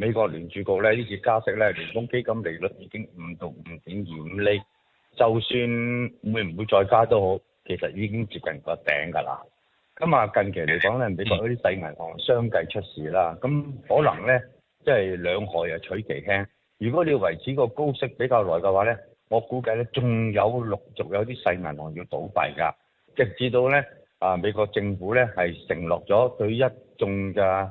美國聯儲局咧，呢次加息咧，聯邦基金利率已經五到五點二五厘，就算會唔會再加都好，其實已經接近個頂㗎啦。咁啊，近期嚟講咧，美國嗰啲細銀行相繼出事啦，咁可能咧，即係兩害啊取其輕。如果你維持個高息比較耐嘅話咧，我估計咧，仲有陸續有啲細銀行要倒閉㗎，直至到咧啊，美國政府咧係承諾咗對一眾嘅。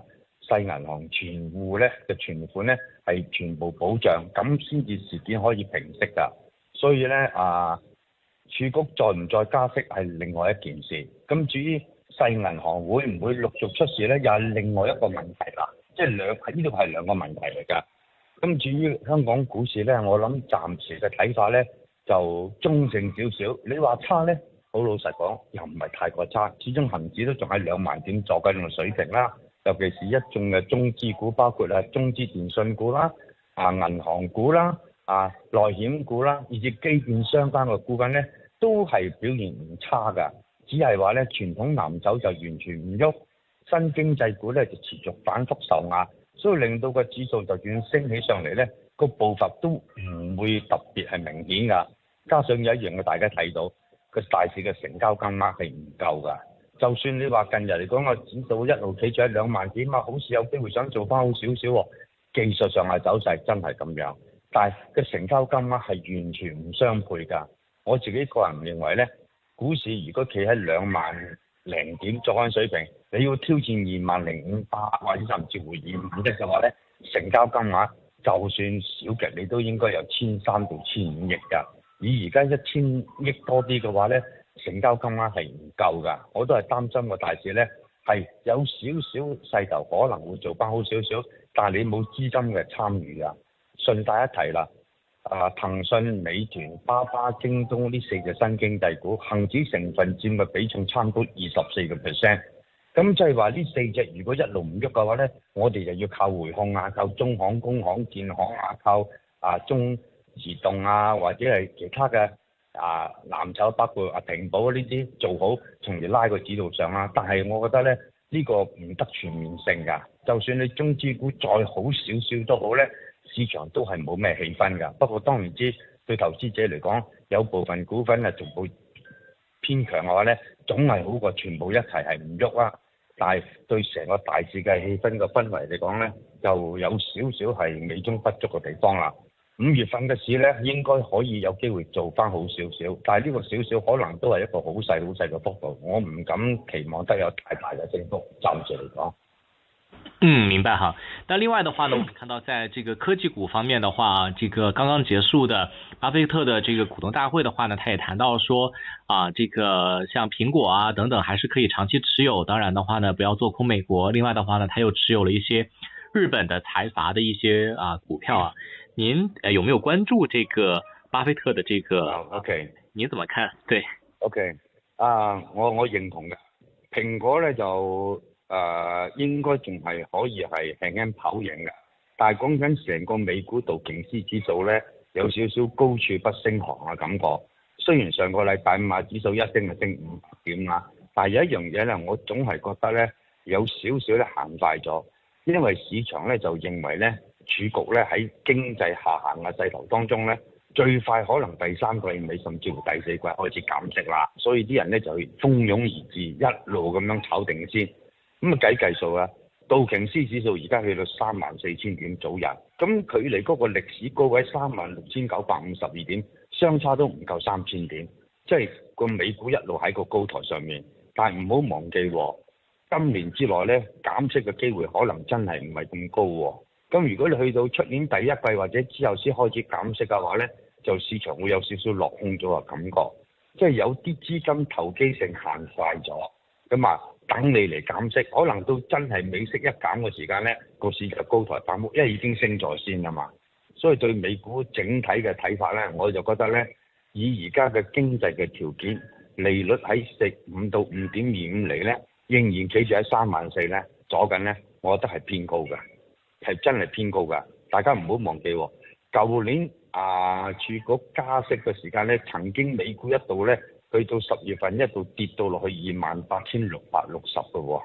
細銀行存戶咧嘅存款咧係全部保障，咁先至事件可以平息噶。所以咧啊，儲局再唔再加息係另外一件事。咁至於細銀行會唔會陸續出事咧，又係另外一個問題啦。即係兩，呢度係兩個問題嚟噶。咁至於香港股市咧，我諗暫時嘅睇法，咧就中性少少。你話差咧，好老實講又唔係太過差，始終恒指都仲喺兩萬點左近嘅水平啦。尤其是一眾嘅中資股，包括啊中資電信股啦、啊銀行股啦、啊內險股啦，以至基建相關嘅股份咧，都係表現唔差噶。只係話咧，傳統藍籌就完全唔喐，新經濟股咧就持續反覆受壓，所以令到個指數就算升起上嚟咧，個步伐都唔會特別係明顯噶。加上有一樣嘅，大家睇到個大市嘅成交金額係唔夠噶。就算你話近日嚟講個指數一路企住喺兩萬點嘛，好似有機會想做翻好少少喎，技術上係走勢真係咁樣，但係嘅成交金額係完全唔相配㗎。我自己個人認為呢，股市如果企喺兩萬零點作緊水平，你要挑戰二萬零五百或者甚至乎二五億嘅話呢，成交金額就算少極，你都應該有千三到千五億㗎。以而家一千億多啲嘅話呢，成交金額係唔夠㗎，我都係擔心個大市呢，係有少少勢頭可能會做翻好少少，但係你冇資金嘅參與啊。順帶一提啦，啊，騰訊、美團、巴巴、京東呢四隻新經濟股，恒指成分佔嘅比重差唔多二十四個 percent，咁即係話呢四隻如果一路唔喐嘅話呢，我哋就要靠回控啊，靠、中行、工行、建行啊，靠。啊中。自動啊，或者係其他嘅啊藍籌包括啊停保呢啲做好，從而拉個指數上啦，啊。但係我覺得咧，呢、呢個唔得全面性㗎。就算你中資股再好少少都好咧，市場都係冇咩氣氛㗎。不過當然知對投資者嚟講，有部分股份啊全部偏強嘅話咧，總係好過全部一齊係唔喐啦。但係對成個大市嘅氣氛個氛圍嚟講咧，就有少少係美中不足嘅地方啦。五月份嘅市呢，應該可以有機會做翻好少少，但係呢個少少可能都係一個好細好細嘅幅度，我唔敢期望得有太大嘅升幅，暫時嚟講。嗯，明白哈。但另外的話呢，我哋、嗯、看到在這個科技股方面嘅話，這個剛剛結束的巴菲特的這個股東大會嘅話呢，他也談到說啊，這個像蘋果啊等等，還是可以長期持有。當然的話呢，不要做空美國。另外的話呢，他又持有了一些日本的財閥的一些啊股票啊。您誒有沒有關注這個巴菲特的這個？O、okay. K，你怎麼看？對，O K，啊，okay. uh, 我我認同嘅。蘋果咧就誒、呃，應該仲係可以係輕輕跑贏嘅。但係講緊成個美股道瓊斯指數咧，有少少高處不勝寒嘅感覺。雖然上個禮拜五啊，指數一升就升五點啦，但係有一樣嘢咧，我總係覺得咧有少少咧行快咗，因為市場咧就認為咧。儲局咧喺經濟下行嘅勢頭當中咧，最快可能第三季尾甚至乎第四季開始減息啦，所以啲人咧就去蜂擁而至，一路咁樣炒定先。咁啊計計數啊，道瓊斯指數而家去到三萬四千點左右，咁距離嗰個歷史高位三萬六千九百五十二點相差都唔夠三千點，即係個美股一路喺個高台上面。但唔好忘記，哦，今年之內咧減息嘅機會可能真係唔係咁高，哦。咁如果你去到出年第一季或者之後先開始減息嘅話呢，就市場會有少少落空咗嘅感覺，即係有啲資金投機性行快咗。咁啊，等你嚟減息，可能都真係美息一減嘅時間，呢個市場高台反覆，因為已經升咗先啦嘛。所以對美股整體嘅睇法呢，我就覺得呢，以而家嘅經濟嘅條件，利率喺四五到五點二五厘呢，仍然企住喺三萬四呢，左近呢，我覺得係偏高㗎。係真係偏高㗎，大家唔好忘記喎、哦。舊年啊，儲局加息嘅時間呢，曾經美股一度呢，去到十月份一度跌到落去二萬八千六百六十個喎。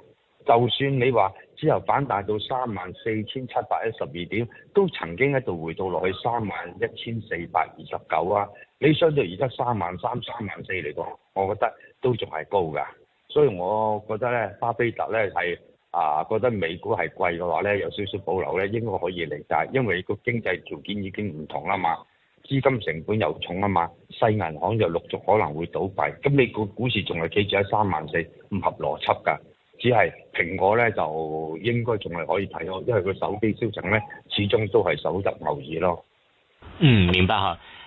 就算你話之後反彈到三萬四千七百一十二點，都曾經一度回到落去三萬一千四百二十九啊。你相對而家三萬三、三萬四嚟講，我覺得都仲係高㗎。所以我覺得呢，巴菲特呢係。是啊，覺得美股係貴嘅話咧，有少少保留咧，應該可以理解，因為個經濟條件已經唔同啦嘛，資金成本又重啊嘛，細銀行又陸續可能會倒閉，咁你個股市仲係企住喺三萬四，唔合邏輯㗎，只係蘋果呢，就應該仲係可以睇咯，因為佢手機銷情呢，始終都係手執牛耳咯。嗯，明白吓。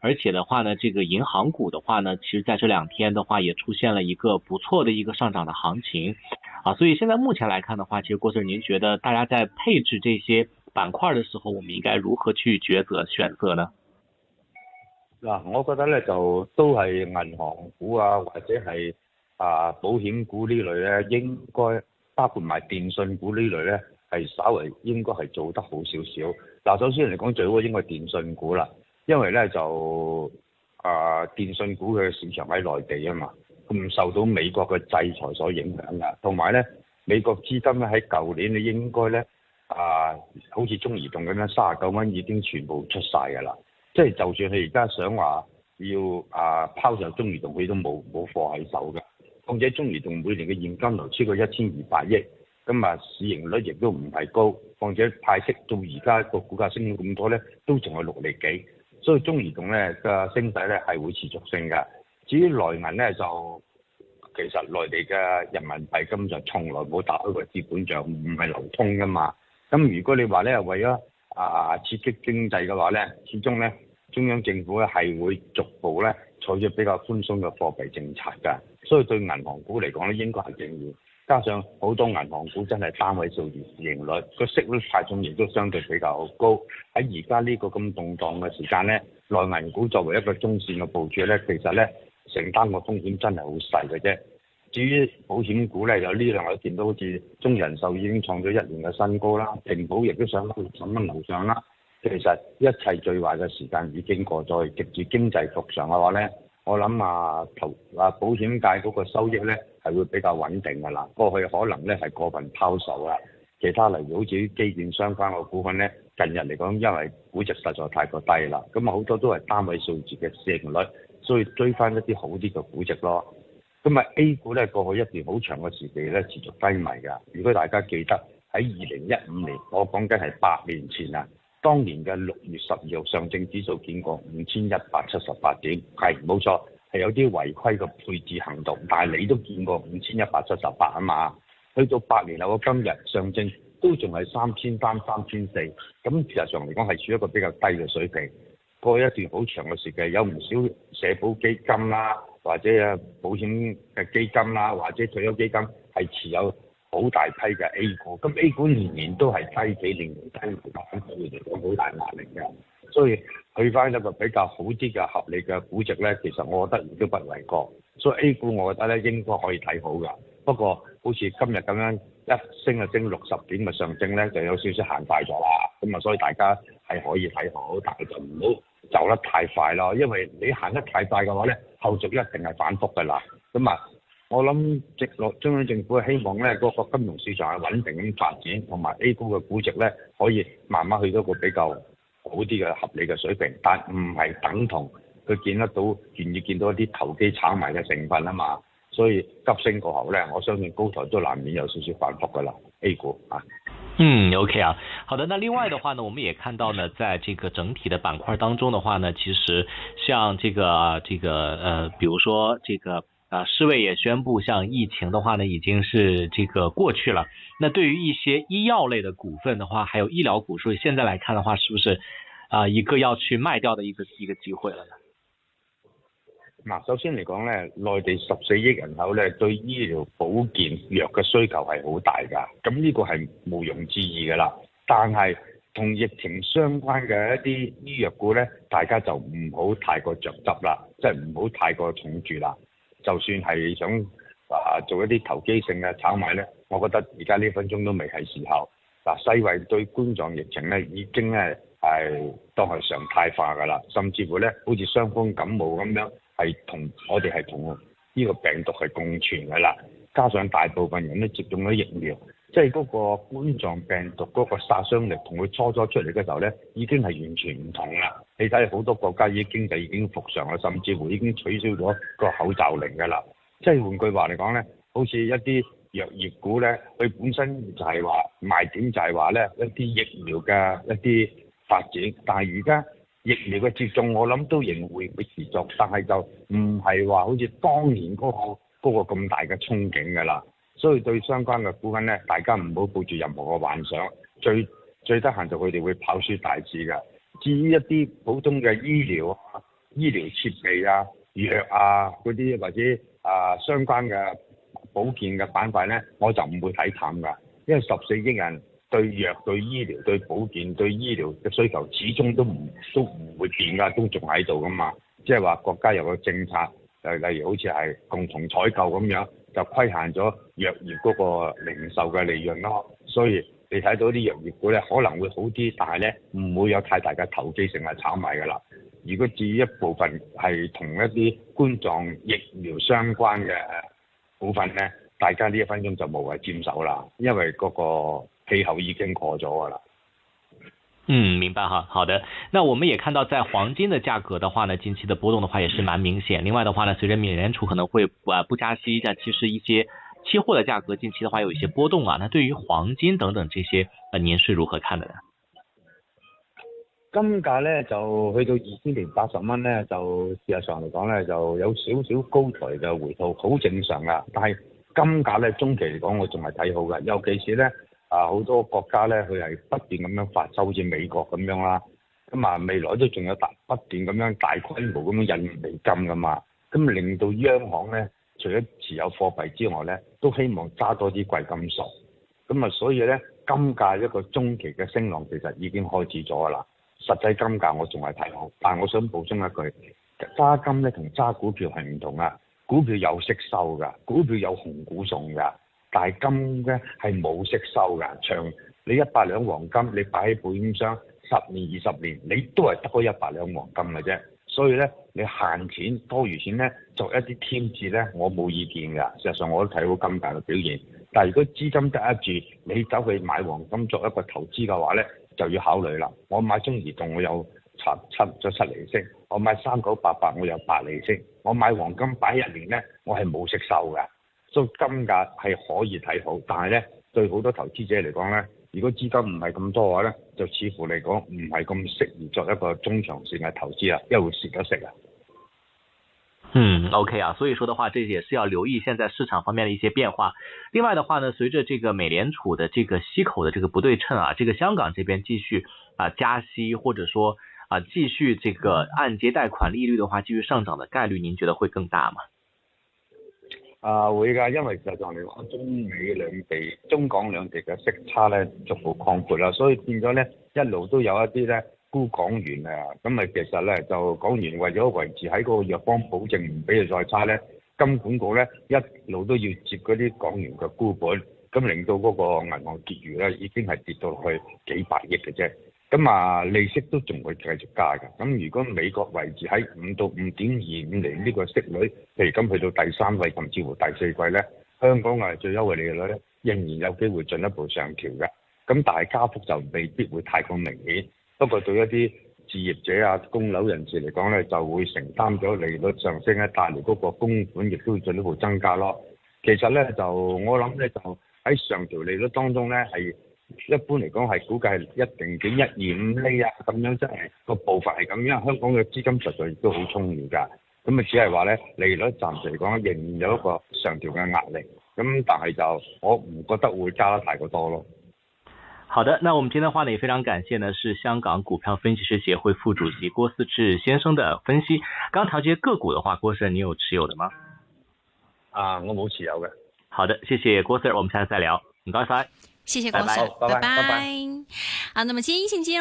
而且的話呢，這個銀行股的話呢，其實在這兩天的話也出現了一個不錯的一個上漲的行情啊，所以現在目前來看的話，其實郭 Sir，您覺得大家在配置這些板塊的時候，我們應該如何去抉擇選擇呢？嗱、啊，我覺得呢就都係銀行股啊，或者係啊保險股呢類呢應該包括埋電信股呢類呢係稍微應該係做得好少少。嗱、啊，首先嚟講最好應該係電信股啦。因為咧就啊、呃，電信股嘅市場喺內地啊嘛，唔受到美國嘅制裁所影響㗎。同埋咧，美國資金咧喺舊年你應該咧啊，好似中移動咁樣，三十九蚊已經全部出晒㗎啦。即、就、係、是、就算佢而家想話要啊拋售中移動，佢都冇冇貨喺手㗎。況且中移動每年嘅現金流超過一千二百億，咁、嗯、啊市盈率亦都唔係高，況且派息到而家個股價升咗咁多咧，都仲係六厘幾。所以中移動咧嘅升勢咧係會持續性㗎。至於內銀咧就，其實內地嘅人民幣根本就從來冇打開過資本帳，唔係流通㗎嘛。咁如果你話咧為咗啊刺激經濟嘅話咧，始終咧中央政府係會逐步咧採取比較寬鬆嘅貨幣政策㗎。所以對銀行股嚟講咧，應該係正面。加上好多銀行股真係單位數字市盈率，個息率派重亦都相對比較高。喺而家呢個咁動蕩嘅時間呢，內銀股作為一個中線嘅部署，呢其實呢承擔個風險真係好細嘅啫。至於保險股呢有呢兩日見到好似中人壽已經創咗一年嘅新高啦，平保亦都上翻六十蚊樓上啦。其實一切最壞嘅時間已經過咗，極住經濟復常嘅話呢我諗啊，同啊保險界嗰個收益呢係會比較穩定噶啦。過去可能呢係過分拋售啦，其他例如好似基建相關嘅股份呢，近日嚟講，因為估值實在太過低啦，咁啊好多都係單位數字嘅市盈率，所以追翻一啲好啲嘅估值咯。咁啊 A 股呢過去一段好長嘅時期呢持續低迷噶。如果大家記得喺二零一五年，我講緊係八年前啦。當年嘅六月十二號，上證指數見過五千一百七十八點，係冇錯，係有啲違規嘅配置行動，但係你都見過五千一百七十八啊嘛，去到八年後嘅今日，上證都仲係三千三、三千四，咁事實上嚟講係處於一個比較低嘅水平。過一段好長嘅時間，有唔少社保基金啦，或者啊保險嘅基金啦，或者退休基金係持有。好大批嘅 A 股，咁 A 股年年都係低幾年，低幾年，俾佢哋好大壓力嘅，所以去翻一個比較好啲嘅合理嘅估值咧，其實我覺得亦都不為過。所以 A 股我覺得咧應該可以睇好嘅，不過好似今日咁樣一升就升六十點嘅上升咧，就有少少行快咗啦。咁啊，所以大家係可以睇好，但係就唔好走得太快咯，因為你行得太快嘅話咧，後續一定係反覆嘅啦。咁啊～我諗直落中央政府係希望咧，嗰個金融市場係穩定咁發展，同埋 A 股嘅估值咧，可以慢慢去到個比較好啲嘅合理嘅水平。但唔係等同佢見得到，願意見到一啲投機炒賣嘅成分啊嘛。所以急升過後咧，我相信高台都難免有少少反覆噶啦。A 股啊，嗯，OK 啊，好的。那另外的話呢，我們也看到呢，在這個整體的板塊當中的話呢，其實像這個、這個、呃，比如說這個。啊，世衛也宣布，像疫情的話呢，已經是這個過去了。那對於一些醫藥類的股份的話，還有醫療股，所以現在來看的話，是不是啊一個要去賣掉的一個一個機會了呢？首先嚟講呢，內地十四億人口咧，對醫療保健藥嘅需求係好大噶，咁呢個係毋庸置疑噶啦。但係同疫情相關嘅一啲醫藥股呢，大家就唔好太過着急啦，即係唔好太過重注啦。就算係想啊做一啲投機性嘅炒賣咧，我覺得而家呢分鐘都未係時候。嗱，世衛對冠狀疫情咧已經咧係都係常態化㗎啦，甚至乎咧好似傷風感冒咁樣，係同我哋係同呢個病毒係共存㗎啦。加上大部分人都接種咗疫苗，即係嗰個冠狀病毒嗰個殺傷力，同佢初初出嚟嘅時候咧，已經係完全唔同啦。你睇好多國家已經經濟已經復常啦，甚至乎已經取消咗個口罩令嘅啦。即係換句話嚟講咧，好似一啲藥業股咧，佢本身就係話賣點就係話咧一啲疫苗嘅一啲發展。但係而家疫苗嘅接種，我諗都仍會會持續，但係就唔係話好似當年嗰個嗰個咁大嘅憧憬嘅啦。所以對相關嘅股份咧，大家唔好抱住任何嘅幻想。最最得閒就佢哋會跑輸大市嘅。至於一啲普通嘅醫療啊、醫療設備啊、藥啊嗰啲或者啊相關嘅保健嘅板塊呢，我就唔會睇淡㗎。因為十四億人對藥、對醫療、對保健、對醫療嘅需求始終都唔都唔會變㗎，都仲喺度㗎嘛。即係話國家有個政策，就例如好似係共同採購咁樣，就規限咗藥業嗰個零售嘅利潤咯。所以你睇到啲藥業股咧可能會好啲，但係咧唔會有太大嘅投機性係炒賣㗎啦。如果至於一部分係同一啲冠狀疫苗相關嘅股份咧，大家呢一分鐘就無謂沾手啦，因為嗰個氣候已經過咗㗎啦。嗯，明白哈，好的。那我們也看到在黃金嘅價格的話呢，近期嘅波動的話也是蠻明顯。另外的話呢，隨着美聯儲可能會啊不加息，但其實一些。期貨嘅價格近期嘅話有一些波動啊，那對於黃金等等這些，啊您是如何看的呢？金價咧就去到二千零八十蚊咧，就事實上嚟講咧就有少少高台嘅回吐，好正常噶。但係金價咧中期嚟講我仲係睇好噶，尤其是咧啊好多國家咧佢係不斷咁樣發收，好似美國咁樣啦，咁、嗯、啊未來都仲有大不斷咁樣大規模咁樣的印美金噶嘛，咁、嗯、令到央行咧。除咗持有貨幣之外呢都希望揸多啲貴金屬咁啊，所以呢，金價一個中期嘅升浪其實已經開始咗啦。實際金價我仲係睇好，但係我想補充一句，揸金呢同揸股票係唔同啊。股票有息收噶，股票有紅股送噶，但係金呢係冇息收噶。長你一百兩黃金，你擺喺保險箱十年二十年，你都係得嗰一百兩黃金嘅啫。所以咧，你閒錢多餘錢咧，作一啲添置咧，我冇意見噶。事實上我都睇到金價嘅表現。但係如果資金得得住，你走去買黃金作一個投資嘅話咧，就要考慮啦。我買中移動，我有七七咗七厘息，我買三九八八，我有八厘息，我買黃金擺一年咧，我係冇息收嘅。所以金價係可以睇好，但係咧，對好多投資者嚟講咧。如果資金唔係咁多嘅話呢，就似乎嚟講唔係咁適宜作一個中長線嘅投資啦，因為會蝕咗息啊。嗯，OK 啊，所以說的話，這也是要留意現在市場方面的一些變化。另外嘅話呢，隨著這個美聯儲嘅這個息口的這個不對稱啊，這個香港這邊繼續啊加息，或者說啊繼續這個按揭貸款利率的話繼續上漲的概率，您覺得會更大嗎？啊，會噶，因為實際上嚟講，中美兩地、中港兩地嘅息差咧逐步擴闊啦，所以變咗咧一路都有一啲咧沽港元啊，咁咪其實咧就港元為咗維持喺嗰個弱方保證唔俾佢再差咧，金管局咧一路都要接嗰啲港元嘅沽本，咁令到嗰個銀行結餘咧已經係跌到去幾百億嘅啫。咁啊，利息都仲會繼續加嘅。咁如果美國維持喺五到五點二五釐呢個息率，譬如咁去到第三季甚至乎第四季咧，香港嘅最優惠利率咧，仍然有機會進一步上調嘅。咁但係加幅就未必會太過明顯，不過對一啲置業者啊、供樓人士嚟講咧，就會承擔咗利率上升咧帶嚟嗰個供款亦都會進一步增加咯。其實咧就我諗咧就喺上調利率當中咧係。一般嚟講係估計是一定點一二五厘啊，咁樣真係個步伐係咁樣。因為香港嘅資金實在亦都好充裕噶，咁啊只係話咧利率暫時嚟講仍有一個上調嘅壓力，咁但係就我唔覺得會加得太過多咯。好的，那我們今天話呢也非常感謝呢是香港股票分析師協會副主席郭思治先生的分析。剛剛提及個股的話，郭 Sir 你有持有的嗎？啊，我冇持有嘅。好的，謝謝郭 Sir，我們下次再聊，唔該晒。謝謝郭 sir，拜拜，拜拜。啊，那麼今天一接接、哦。